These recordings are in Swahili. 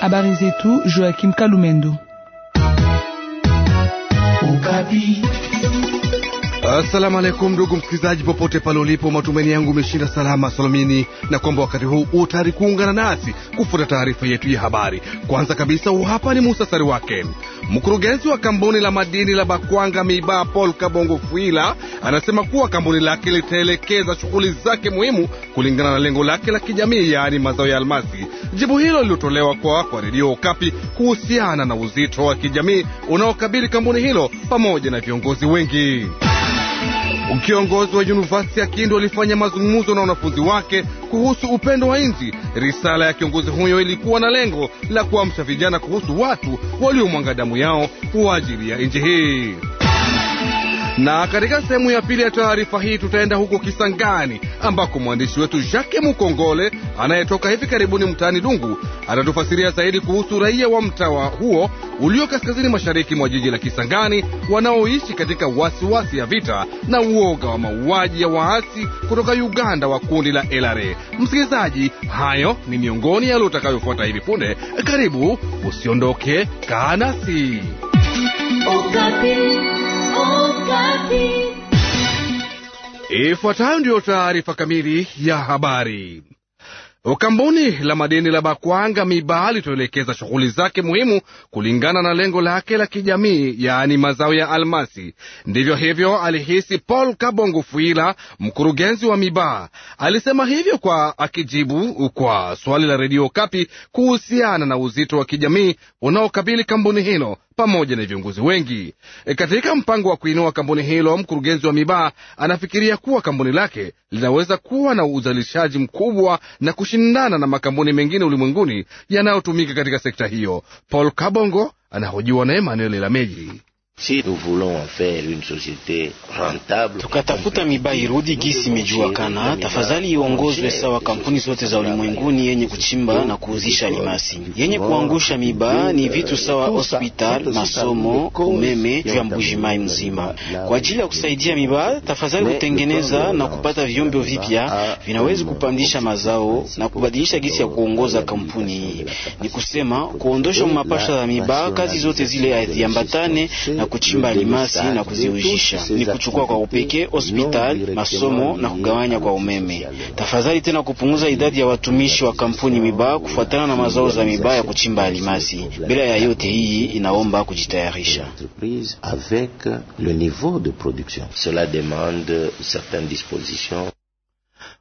Habari zetu Joachim Kalumendo. Okapi assalamu alaikum ndugu msikilizaji, popote pale ulipo, matumaini yangu umeshinda salama salamini, na kwamba wakati huu utayari kuungana nasi kufuata taarifa yetu ya habari. Kwanza kabisa, hapa ni muhtasari wake. Mkurugenzi wa kampuni la madini la Bakwanga Miba Paul Kabongo Fuila anasema kuwa kampuni lake litaelekeza shughuli zake muhimu kulingana na lengo lake la kijamii, yaani mazao ya almasi. Jibu hilo lililotolewa kwa kwa redio Okapi kuhusiana na uzito wa kijamii unaokabili kampuni hilo pamoja na viongozi wengi. Kiongozi wa yunivasiti ya Kindu alifanya mazungumzo na wanafunzi wake kuhusu upendo wa nchi. Risala ya kiongozi huyo ilikuwa na lengo la kuamsha vijana kuhusu watu waliomwanga damu yao kwa ajili ya nchi hii. Na katika sehemu ya pili ya taarifa hii tutaenda huko Kisangani ambako mwandishi wetu Jacques Mukongole anayetoka hivi karibuni mtaani Dungu atatufasiria zaidi kuhusu raia wa mtawa huo ulio kaskazini mashariki mwa jiji la Kisangani wanaoishi katika wasiwasi wasi ya vita na uoga wa mauaji ya waasi kutoka Uganda wa kundi la LRA. Msikilizaji, hayo ni miongoni yale utakayofuata hivi punde. Karibu, usiondoke, kaa nasi. Ifuatayo ndiyo taarifa kamili ya habari. Kampuni la madini la Bakwanga Miba litoelekeza shughuli zake muhimu kulingana na lengo lake la kijamii, yaani mazao ya almasi. Ndivyo hivyo alihisi Paul Kabongo Fuila, mkurugenzi wa Miba. Alisema hivyo kwa akijibu kwa swali la redio Kapi kuhusiana na uzito wa kijamii unaokabili kampuni hilo pamoja na viongozi wengi e. Katika mpango wa kuinua kampuni hilo, mkurugenzi wa Mibaa anafikiria kuwa kampuni lake linaweza kuwa na uzalishaji mkubwa na kushindana na makampuni mengine ulimwenguni yanayotumika katika sekta hiyo. Paul Kabongo anahojiwa na Emmanuel Lameji. Si nous voulons en faire une société rentable, tukatafuta miba irudi gisi kana, Tafadhali iongozwe sawa kampuni zote za ulimwenguni yenye kuchimba na kuuzisha limasi. Yenye kuangusha miba ni euh, vitu sawa hospital, masomo, umeme vya Mbujimai mzima. Kwa ajili ya kusaidia miba, tafadhali kutengeneza na kupata vyombo vipya vinawezi kupandisha mazao na kubadilisha gisi ya kuongoza kampuni hii, ni kusema kuondosha mapasha za miba, kazi zote zile haziambatane na kuchimba limasi na kuziuzisha, ni kuchukua kwa upekee hospitali, masomo na kugawanya kwa umeme. Tafadhali tena kupunguza idadi ya watumishi wa kampuni mibaa kufuatana na mazao za mibaa ya kuchimba alimasi Bila ya yote hii inaomba kujitayarisha. Avec le niveau de production. Cela demande certaines dispositions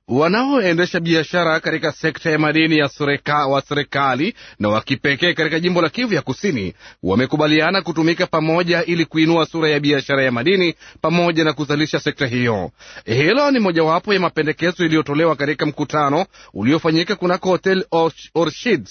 wanaoendesha biashara katika sekta ya madini ya sureka, wa serikali na wa kipekee katika jimbo la Kivu ya Kusini wamekubaliana kutumika pamoja ili kuinua sura ya biashara ya madini pamoja na kuzalisha sekta hiyo. Hilo ni mojawapo ya mapendekezo iliyotolewa katika mkutano uliofanyika kunako Hotel Orchid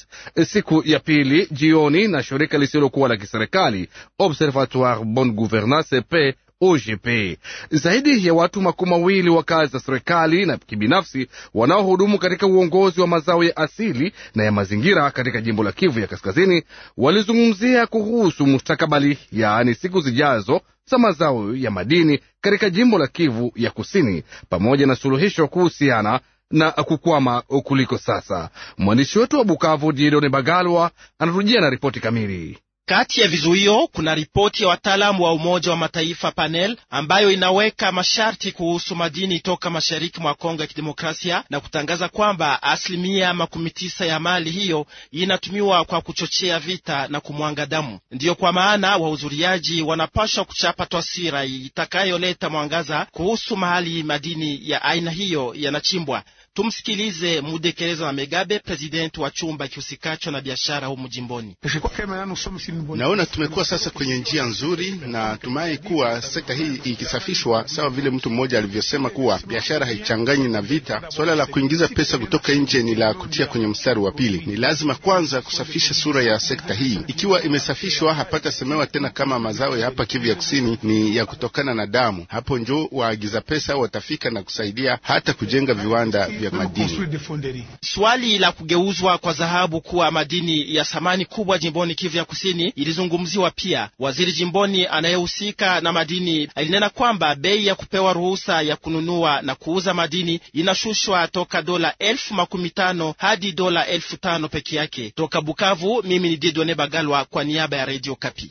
siku ya pili jioni na shirika lisilokuwa la kiserikali Observatoire Bonne Gouvernance pe OGP. Zaidi ya watu makumi mawili wa kazi za serikali na kibinafsi wanaohudumu katika uongozi wa mazao ya asili na ya mazingira katika jimbo la Kivu ya Kaskazini walizungumzia kuhusu mustakabali, yaani siku zijazo za mazao ya madini katika jimbo la Kivu ya Kusini pamoja na suluhisho kuhusiana na kukwama kuliko sasa. Mwandishi wetu wa Bukavu Diedone Bagalwa anarujia na ripoti kamili. Kati ya vizuio kuna ripoti ya wataalamu wa Umoja wa Mataifa panel ambayo inaweka masharti kuhusu madini toka mashariki mwa Kongo ya Kidemokrasia na kutangaza kwamba asilimia makumi tisa ya mali hiyo inatumiwa kwa kuchochea vita na kumwanga damu. Ndiyo kwa maana wahudhuriaji wanapashwa kuchapa taswira itakayoleta mwangaza kuhusu mahali madini ya aina hiyo yanachimbwa. Tumsikilize Mudekereza na Megabe, prezidenti wa chumba kihusikacho na biashara humu jimboni. Naona tumekuwa sasa kwenye njia nzuri, na tumai kuwa sekta hii ikisafishwa, sawa vile mtu mmoja alivyosema kuwa biashara haichanganyi na vita. Swala la kuingiza pesa kutoka nje ni la kutia kwenye mstari wa pili. Ni lazima kwanza kusafisha sura ya sekta hii. Ikiwa imesafishwa, hapata semewa tena kama mazao ya hapa Kivu ya kusini ni ya kutokana na damu. Hapo njo waagiza pesa watafika na kusaidia hata kujenga viwanda vya ya madini. Swali la kugeuzwa kwa dhahabu kuwa madini ya thamani kubwa jimboni Kivu ya Kusini ilizungumziwa pia. Waziri jimboni anayehusika na madini alinena kwamba bei ya kupewa ruhusa ya kununua na kuuza madini inashushwa toka dola elfu makumi tano hadi dola elfu tano peke yake. Toka Bukavu, mimi ni Didone Bagalwa kwa niaba ya Radio Kapi.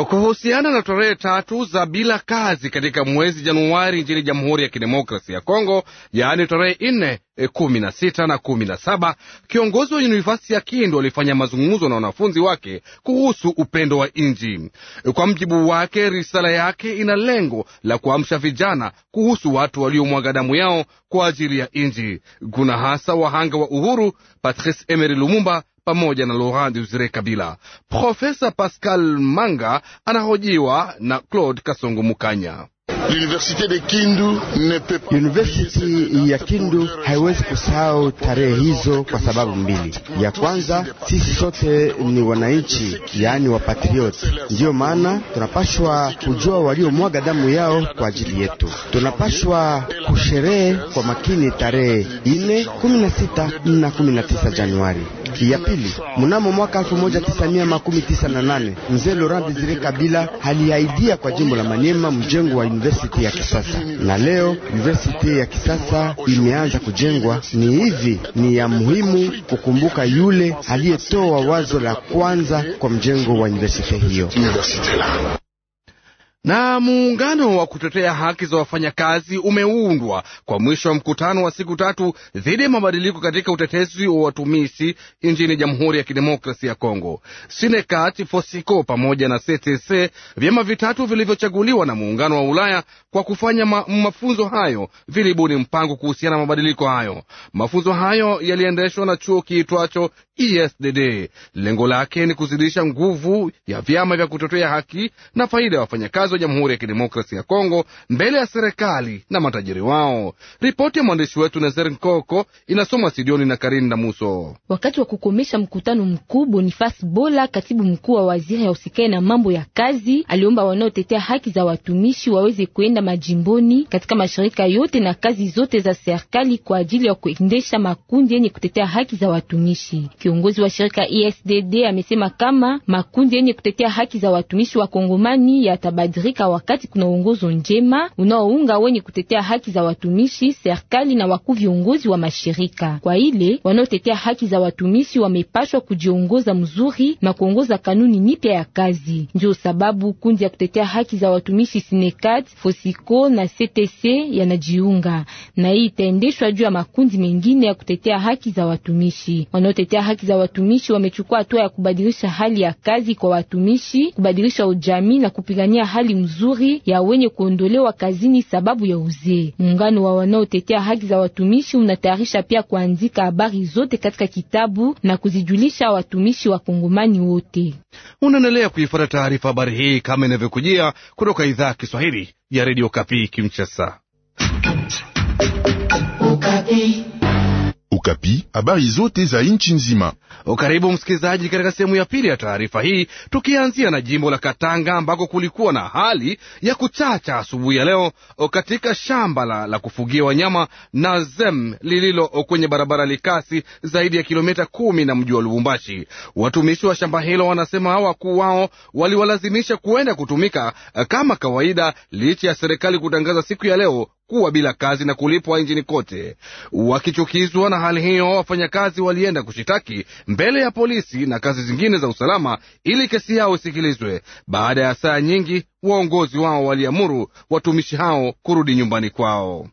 Eh, kuhusiana na tarehe tatu za bila kazi katika mwezi Januari nchini Jamhuri ya Kidemokrasia ya Kongo, yaani tarehe nne, eh, kumi na sita na kumi na saba kiongozi wa yunivasiti ya Kindu alifanya mazungumzo na wanafunzi wake kuhusu upendo wa nji eh, Kwa mjibu wake, risala yake ina lengo la kuamsha vijana kuhusu watu waliomwaga damu yao kwa ajili ya nji Kuna hasa wahanga wa uhuru Patrice Emery Lumumba pamoja na Laurent Desire Kabila. Profesa Pascal Manga anahojiwa na Claude Kasongo Mukanya. Yunivesiti ya Kindu haiwezi kusahau tarehe hizo kwa sababu mbili. Ya kwanza, sisi sote ni wananchi, yaani wapatrioti. Ndiyo maana tunapashwa kujua waliomwaga damu yao kwa ajili yetu. Tunapashwa kusherehe kwa makini tarehe ine, kumi na sita na kumi na tisa Januari. Ya pili, mnamo mwaka 1998 mzee Laurent Desire Kabila aliaidia kwa jimbo la Manyema mjengo wa university ya kisasa, na leo university ya kisasa imeanza kujengwa. Ni hivi, ni ya muhimu kukumbuka yule aliyetoa wazo la kwanza kwa mjengo wa university hiyo na muungano wa kutetea haki za wafanyakazi umeundwa kwa mwisho wa mkutano wa siku tatu dhidi ya mabadiliko katika utetezi wa watumishi nchini Jamhuri ya Kidemokrasia ya Kongo. Sinekat, Fosiko pamoja na CTC, vyama vitatu vilivyochaguliwa na muungano wa Ulaya kwa kufanya ma mafunzo hayo, vilibuni mpango kuhusiana na mabadiliko hayo. Mafunzo hayo yaliendeshwa na chuo kiitwacho ESDD. Lengo lake ni kuzidisha nguvu ya vyama vya kutetea haki na faida ya wafanyakazi wa Jamhuri ya Kidemokrasia ya Kongo mbele ya serikali na matajiri wao. Ripoti ya mwandishi wetu Nazer Nkoko inasomwa sidioni na Karin Damuso. Wakati wa kukomesha mkutano mkuu, Bonifas Bola, katibu mkuu wa waziri ya usikae na mambo ya kazi, aliomba wanaotetea haki za watumishi waweze kuenda majimboni katika mashirika yote na kazi zote za serikali kwa ajili ya kuendesha makundi yenye kutetea haki za watumishi Kyo Kiongozi wa shirika ESDD amesema kama makundi yenye kutetea haki za watumishi wa Kongomani yatabadilika wakati kuna uongozo njema unaounga wenye kutetea haki za watumishi, serikali na wakuu viongozi wa mashirika. Kwa ile wanaotetea haki za watumishi wamepashwa kujiongoza mzuri na kuongoza kanuni nipya ya kazi. Ndio sababu kundi ya kutetea haki za watumishi Sinekat, Fosiko na CTC yanajiunga na hii itaendeshwa juu ya makundi mengine ya kutetea haki za watumishi wanaotetea haki haki za watumishi wamechukua hatua ya kubadilisha hali ya kazi kwa watumishi, kubadilisha ujamii na kupigania hali mzuri ya wenye kuondolewa kazini sababu ya uzee. Muungano wa wanaotetea haki za watumishi unatayarisha pia kuandika habari zote katika kitabu na kuzijulisha watumishi wa Kongomani wote. Unaendelea kuifuata taarifa habari hii kama inavyokujia kutoka idhaa ya Kiswahili ya redio Kapi Kinshasa. Ukapi, habari zote za nchi nzima. Karibu msikilizaji, katika sehemu ya pili ya taarifa hii, tukianzia na jimbo la Katanga ambako kulikuwa na hali ya kuchacha asubuhi ya leo katika shamba la, la kufugia wanyama na zem lililo kwenye barabara likasi zaidi ya kilomita kumi na mji wa Lubumbashi. Watumishi wa shamba hilo wanasema wakuu wao waliwalazimisha kuenda kutumika kama kawaida licha ya serikali kutangaza siku ya leo kuwa bila kazi na kulipwa nchini kote. Wakichukizwa na hali hiyo, wafanyakazi walienda kushitaki mbele ya polisi na kazi zingine za usalama ili kesi yao isikilizwe. Baada ya saa nyingi, waongozi wao waliamuru watumishi hao kurudi nyumbani kwao.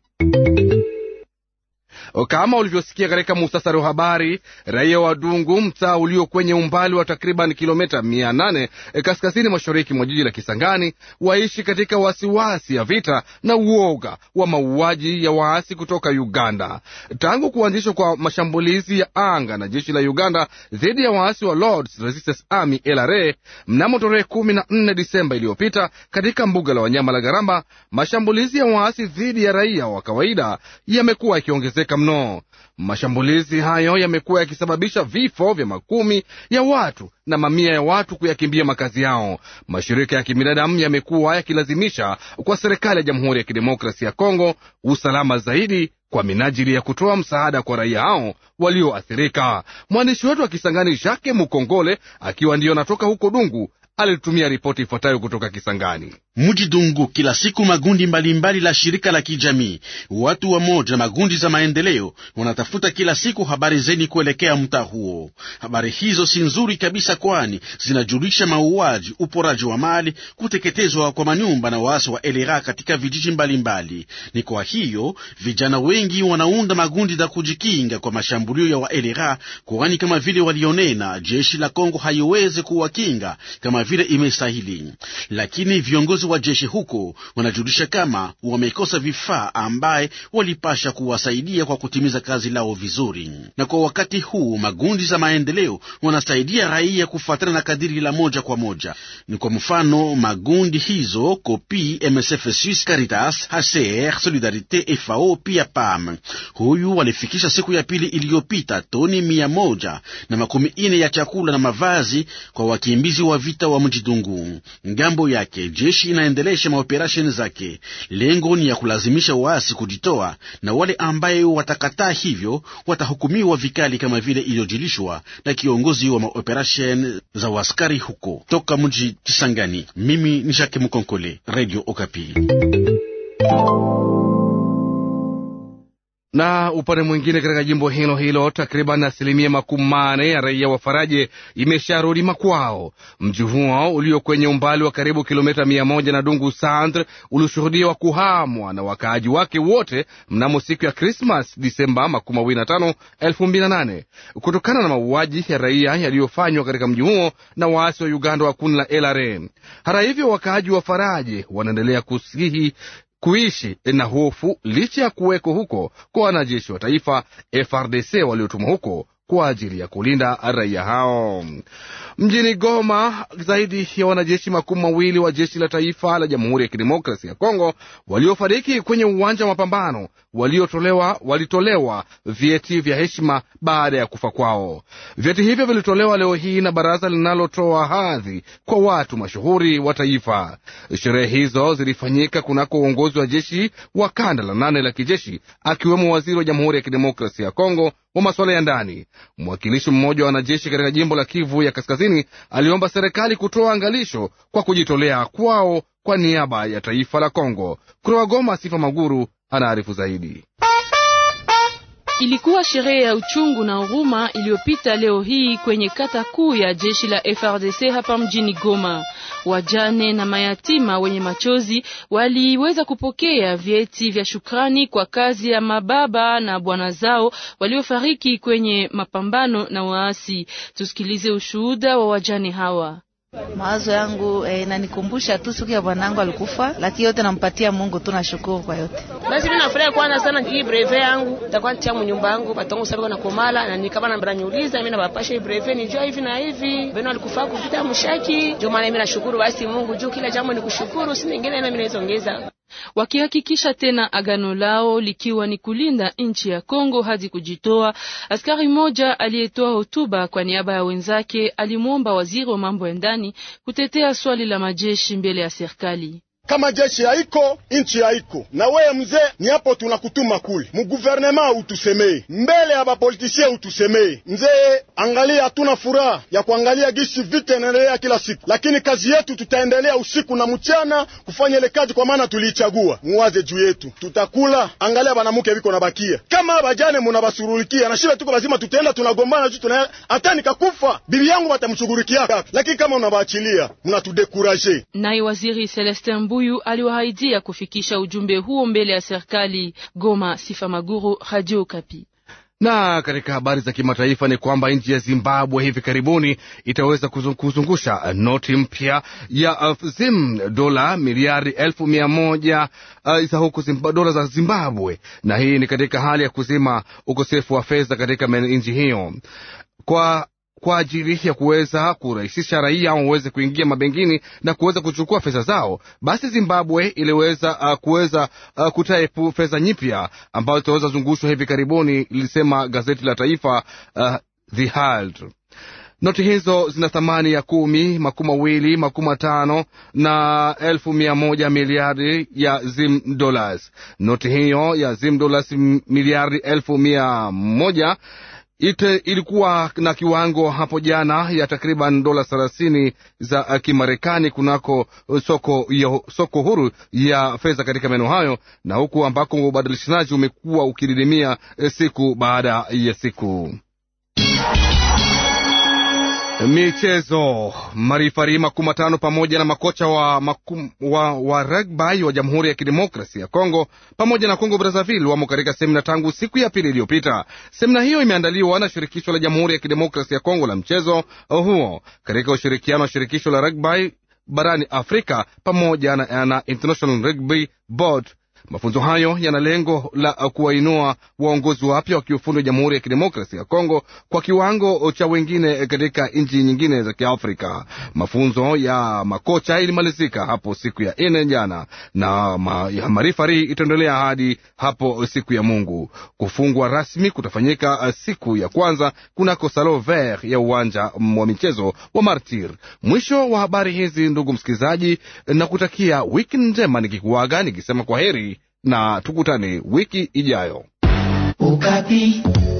Kama ulivyosikia katika muhtasari wa habari, raia wa Dungu, mtaa ulio kwenye umbali wa takriban kilomita mia nane eh, kaskazini mashariki mwa jiji la Kisangani, waishi katika wasiwasi ya vita na uoga wa mauaji ya waasi kutoka Uganda tangu kuanzishwa kwa mashambulizi ya anga na jeshi la Uganda dhidi ya waasi wa Lords Resistance Army LRA mnamo tarehe Disemba iliyopita katika mbuga la wanyama la Garamba. Mashambulizi ya waasi dhidi ya raia wa kawaida yamekuwa yakiongezeka mno. Mashambulizi hayo yamekuwa yakisababisha vifo vya makumi ya watu na mamia ya watu kuyakimbia makazi yao. Mashirika ya kibinadamu yamekuwa yakilazimisha kwa serikali ya Jamhuri ya Kidemokrasia ya Kongo usalama zaidi kwa minajili ya kutoa msaada kwa raia hao walioathirika. Mwandishi wetu wa Kisangani, Jacques Mukongole, akiwa ndiyo anatoka huko Dungu, alitumia ripoti ifuatayo kutoka Kisangani mujidungu kila siku magundi mbalimbali mbali la shirika la kijamii watu wa moja magundi za maendeleo wanatafuta kila siku habari zeni kuelekea mtaa huo. Habari hizo si nzuri kabisa, kwani zinajulisha mauaji, uporaji wa mali, kuteketezwa kwa manyumba na waasi wa elera katika vijiji mbalimbali mbali. Ni kwa hiyo vijana wengi wanaunda magundi za kujikinga kwa mashambulio ya waelera, kwani kama vile walionena jeshi la Kongo haiwezi kuwakinga kama vile imestahili, lakini viongozi wa jeshi huko wanajulisha kama wamekosa vifaa ambaye walipasha kuwasaidia kwa kutimiza kazi lao vizuri. Na kwa wakati huu magundi za maendeleo wanasaidia raia kufuatana na kadiri la moja kwa moja. Ni kwa mfano magundi hizo Kopi, MSF Swiss Caritas, HCR, Solidarite, FAO pia PAM. Huyu walifikisha siku ya pili iliyopita toni mia moja na makumi ine ya chakula na mavazi kwa wakimbizi wa vita wa Mjidungu. Ngambo yake jeshi inaendelesha maoperasheni zake. Lengo ni ya kulazimisha waasi kujitoa, na wale ambaye watakataa hivyo watahukumiwa vikali, kama vile iliyojulishwa na kiongozi wa maoperasheni za waskari huko toka mji Kisangani. Mimi ni Shaki Mkonkole, Radio Okapi. Na upande mwingine, katika jimbo hilo hilo takriban asilimia makumi mane ya raia wa Faraje imesharudi makwao. Mji huo ulio kwenye umbali wa karibu kilomita mia moja na Dungu Sandre ulishuhudiwa kuhamwa na wakaaji wake wote mnamo siku ya Krismas Disemba makumi mawili na tano elfu mbili na nane kutokana na mauaji ya raia yaliyofanywa katika mji huo na waasi wa Uganda wa kundi la LRA. Hata hivyo, wakaaji wa Faraje wanaendelea kusihi kuishi na hofu licha ya kuweko huko kwa wanajeshi wa taifa FRDC waliotumwa huko kwa ajili ya kulinda raia hao. Mjini Goma, zaidi ya wanajeshi makumi mawili wa jeshi la taifa la Jamhuri ya Kidemokrasi ya Kongo waliofariki kwenye uwanja wa mapambano waliotolewa walitolewa vyeti vya heshima baada ya kufa kwao. Vyeti hivyo vilitolewa leo hii na baraza linalotoa hadhi kwa watu mashuhuri wa taifa. Sherehe hizo zilifanyika kunako uongozi wa jeshi wa kanda la nane la kijeshi, akiwemo waziri wa Jamhuri ya Kidemokrasia ya Kongo wa masuala ya ndani. Mwakilishi mmoja wa wanajeshi katika jimbo la Kivu ya Kaskazini aliomba serikali kutoa angalisho kwa kujitolea kwao kwa niaba ya taifa la Kongo. Kutoka Goma, Sifa Maguru, anaarifu zaidi. Ilikuwa sherehe ya uchungu na huruma iliyopita leo hii kwenye kata kuu ya jeshi la FRDC hapa mjini Goma. Wajane na mayatima wenye machozi waliweza kupokea vyeti vya shukrani kwa kazi ya mababa na bwana zao waliofariki kwenye mapambano na waasi. Tusikilize ushuhuda wa wajane hawa. Mawazo yangu eh, inanikumbusha eh, tu siku ya bwanangu alikufa, lakini yote nampatia Mungu tu, nashukuru kwa yote. Basi mimi nafurahi kwanza sana hii breve yangu nitakuwa nitia mnyumba yangu patongo sababu na komala na nikaba na mraniuliza mimi nabapasha hii breve ni jua hivi na hivi beno alikufa kuvita mshaki, ndio maana mimi nashukuru basi Mungu juu kila jambo nikushukuru, si nyingine na mimi naizongeza wakihakikisha tena agano lao likiwa ni kulinda nchi ya Kongo hadi kujitoa. Askari mmoja aliyetoa hotuba kwa niaba ya wenzake alimwomba waziri wa mambo ya ndani kutetea swali la majeshi mbele ya serikali. Kama jeshi haiko nchi haiko, na weye mzee, ni hapo tunakutuma kule muguvernema utusemee mbele ya bapolitisie utusemee. Mzee, angalia, hatuna furaha ya kuangalia gisi vita inaendelea kila siku, lakini kazi yetu tutaendelea usiku na mchana kufanya ile kazi, kwa maana tuliichagua. Muwaze juu yetu, tutakula. Angalia banamuke viko na bakia kama bajane munabasurulikia na shida, tuko lazima tutaenda, tunagombana juu tuna hata nikakufa bibi yangu batamshughulikia, lakini kama unabaachilia mnatudekuraje. Naye waziri Celestin huyu aliwaahidia kufikisha ujumbe huo mbele ya serikali. Goma, Sifa Maguru, Radio Kapi. Na katika habari za kimataifa ni kwamba nchi ya Zimbabwe hivi karibuni itaweza kuzungusha noti mpya ya uh, zim dola miliardi elfu mia moja uh, za huku dola za Zimbabwe, na hii ni katika hali ya kuzima ukosefu wa fedha katika nchi hiyo kwa kwa ajili ya kuweza kurahisisha raia waweze kuingia mabengini na kuweza kuchukua fedha zao. Basi Zimbabwe iliweza uh, kuweza uh, kutaipu fedha nyipya ambazo zitaweza zungushwa hivi karibuni, lilisema gazeti la taifa uh, The Herald. Noti hizo zina thamani ya kumi, makumi mawili, makumi matano na elfu mia moja miliardi ya Zim dollars. Noti hiyo ya Zim dollars miliardi elfu mia moja Ite ilikuwa na kiwango hapo jana ya takriban dola thelathini za Kimarekani kunako soko, ya, soko huru ya fedha katika maeneo hayo, na huku ambako ubadilishanaji umekuwa ukididimia eh, siku baada ya siku. Michezo. Marifari makumi matano pamoja na makocha wa, makum, wa, wa rugby wa Jamhuri ya Kidemokrasia ya Kongo pamoja na Kongo Brazzaville wamo katika semina tangu siku ya pili iliyopita. Semina hiyo imeandaliwa na shirikisho la Jamhuri ya Kidemokrasia ya Kongo la mchezo huo katika ushirikiano wa shirikisho la rugby barani Afrika pamoja na, na International Rugby Board Mafunzo hayo yana lengo la kuwainua waongozi wapya wa kiufundi wa Jamhuri ya Kidemokrasi ya Kongo kwa kiwango cha wengine katika nchi nyingine za Kiafrika. Mafunzo ya makocha ilimalizika hapo siku ya ine jana, na marifari itaendelea hadi hapo siku ya Mungu. Kufungwa rasmi kutafanyika uh, siku ya kwanza kunako salon vert ya uwanja wa michezo wa Martir. Mwisho wa habari hizi, ndugu msikilizaji, na kutakia wiki njema, nikikuaga nikisema kwa heri na tukutane wiki ijayo. Ukapi.